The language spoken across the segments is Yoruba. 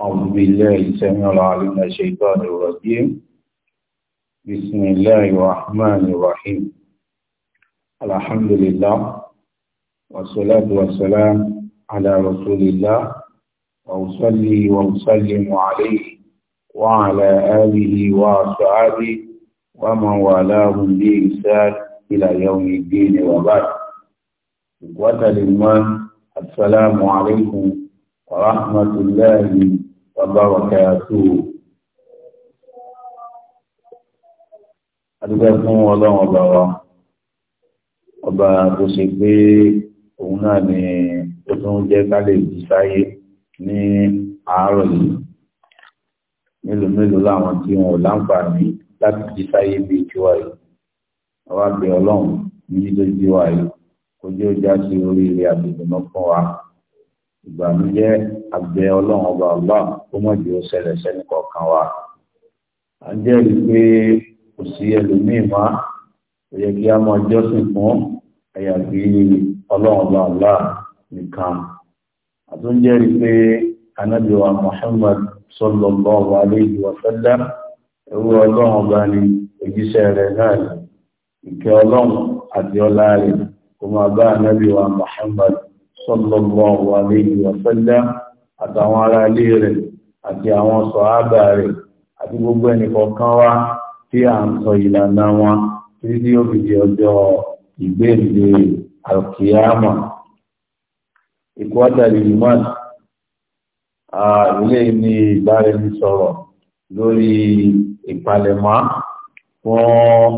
أعوذ بالله السميع العليم من الشيطان الرجيم بسم الله الرحمن الرحيم الحمد لله والصلاة والسلام على رسول الله وأصلي وأسلم عليه وعلى آله وصحبه ومن والاهم بإحسان إلى يوم الدين وبعد إخوة الإيمان السلام عليكم ورحمة الله وبركاته adúgbò fún ọlọ́run ọba wa ọba tó ṣe pé òun náà ni ó tún jẹ́ ká lè jí sáyé ní àárọ̀ yìí mélòó mélòó láwọn tí wọn ò láǹfààní láti jí sáyé bíi tiwa yìí àwa bẹ̀ ọlọ́run ní jíjọ́ jíwa yìí kò ó já sí oríire àbùkù náà fún wa ìbànújẹ́ abẹ ọlọ́run ọba ọlá ó mọ̀ jù ó ṣẹlẹ̀ sẹ́ni kọ̀ọ̀kan wa à ń jẹ́rìí pé kò sí ẹlòmíì má ó yẹ kí a mọ jọ́sìn fún àyàfi ọlọ́run ọba ọlá nìkan a tún jẹ́rìí pé ànábì wa Muhammad sallallahu alayhi wa sallam ẹrú ọlọ́run ọba ni òjíṣẹ́ rẹ̀ náà ni ìkẹ́ àti ọlá rẹ̀ kó máa bá ànábì wa sallallahu alayhi wa sallam àtàwọn ará ilé rẹ̀ àti àwọn sọ̀hábà rẹ̀ àti gbogbo ẹnìkọ̀ọ̀kan wa tí à ń sọ ìlànà wọn títí tí yóò fi di ọjọ́ ìgbéǹde alkiyama ìkọ́tà ìlúmọ̀n ilé ní ìbáraẹnisọ̀rọ̀ lórí ìpalẹ̀mọ́ fún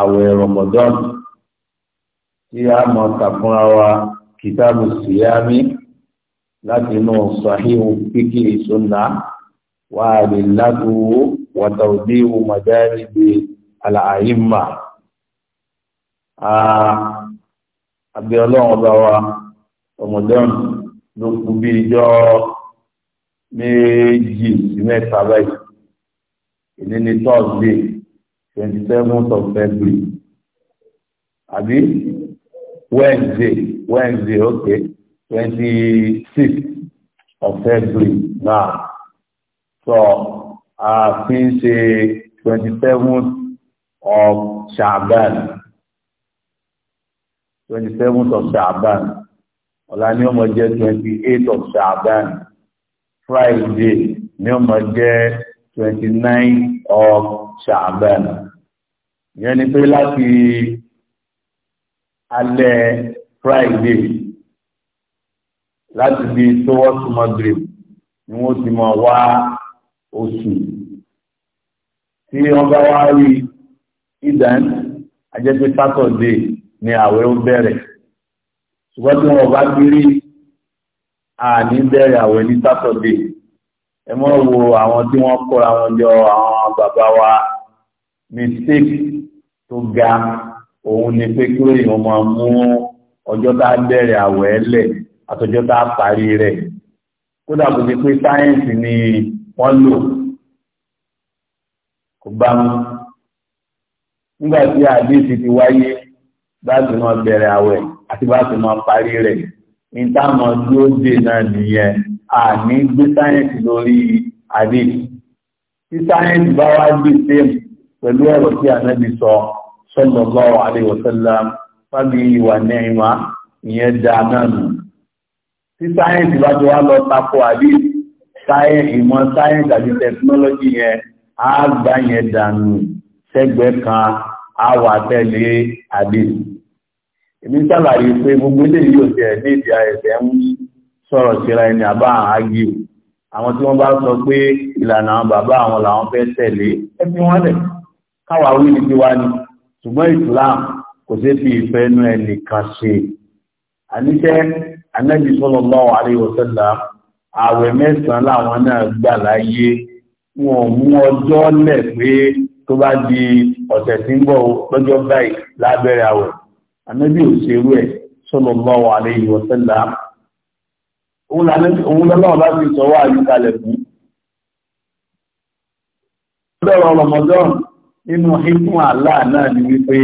àwẹ̀ Ramadan tí a mọ̀ tàkúnra wa kìtàbù síyámi láti inú sahihu fíkì sunna wà lè ládùúwò wàtàwùdíwò màjáàlìbì àlàáyìmà àbí ọlọ́run ọba wa ọmọdọ́n ló kú bí ijọ́ méjì sí mẹ́ta báyìí èdè ní thursday twenty seventh of february àbí Wednesday Wednesday okay twenty six of February Now, so a fi ń ṣe twenty seven of Shaban twenty seven of Shaban ọ̀la ni ó jẹ́ twenty eight of Shaban Friday ni ó jẹ́ twenty nine of Shaban ìyẹn ni pé láti alẹ́ Friday láti bí towards Maghrib ni wọ́n ti mọ̀ wá oṣù tí wọ́n bá wá rí ìdán ajẹ́pẹ́ Saturday ni àwẹ̀ ó bẹ̀rẹ̀ ṣùgbọ́n tí wọ́n bá gbérí àní bẹ̀rẹ̀ àwẹ̀ ní Saturday ẹ mọ́ wo àwọn tí wọ́n kóra wọn jọ àwọn bàbá wa mistake tó ga òun ni pé kí ó yìnbọn máa mú ọjọ́ tá a bẹ̀rẹ̀ àwẹ̀ ẹlẹ̀ àtọjọ́ tá a parí rẹ̀ kódà kò ní pé sáyẹ́ǹsì ni wọ́n lò kò bá mú nígbà tí àdéhùn ti wáyé bá ti máa bẹ̀rẹ̀ àwẹ̀ àti bá ti máa parí rẹ̀ ní táwọn dúró dè náà nìyẹn àní gbé sáyẹ́ǹsì lórí àdéhùn tí sáyẹ́ǹsì bá wá dì sèm pẹ̀lú ọ̀rọ̀ tí ànábì sọ sallallahu alaihi wasallam fábí ìwà nẹ́ẹ̀mà ìyẹn dáa náà nù tí sáyẹ̀nsì bá ti wá lọ tako àbí sáyẹ̀nsì ìmọ̀ sáyẹ̀nsì àti tẹkinọ́lọ́jì yẹn á gbá yẹn dànù sẹ́gbẹ̀ẹ́ kan á wà tẹ̀lé àbí èmi sàlàyé pé gbogbo ilé yìí ò tẹ̀ ní ìdí ẹ̀sẹ̀ ń sọ̀rọ̀ síra ẹni àbá àágì àwọn tí wọ́n bá sọ pé ìlànà bàbá àwọn làwọn fẹ́ tẹ̀lé ẹ fi wọ́n lẹ̀ káwa wí ní tiwa ni ṣùgbọ́n Islam kò sí fi ìfẹ́ inú ẹni kan ṣe àníṣẹ́ anábì sallallahu alaihi wasallam ààwẹ̀ mẹ́sàn-án láwọn náà gbà láyé wọn mú ọjọ́ lẹ̀ pé tó bá di ọ̀sẹ̀ tí ń bọ̀ lọ́jọ́ báyìí lábẹ́rẹ́ àwẹ̀ anábì ò ṣe rú ẹ̀ sallallahu alaihi òun lọ́lọ́wọ́ bá fi sọ wá àyíkalẹ̀ fún nínú hikun àlá náà ni wípé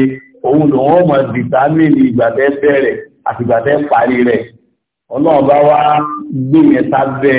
òun ló wọ́n mọ̀ dìtámìnì ìgbàtẹ́ bẹ̀rẹ̀ àti ìgbàtẹ́ parí rẹ̀ ọlọ́ọ̀bá wá gbé yẹn sábẹ́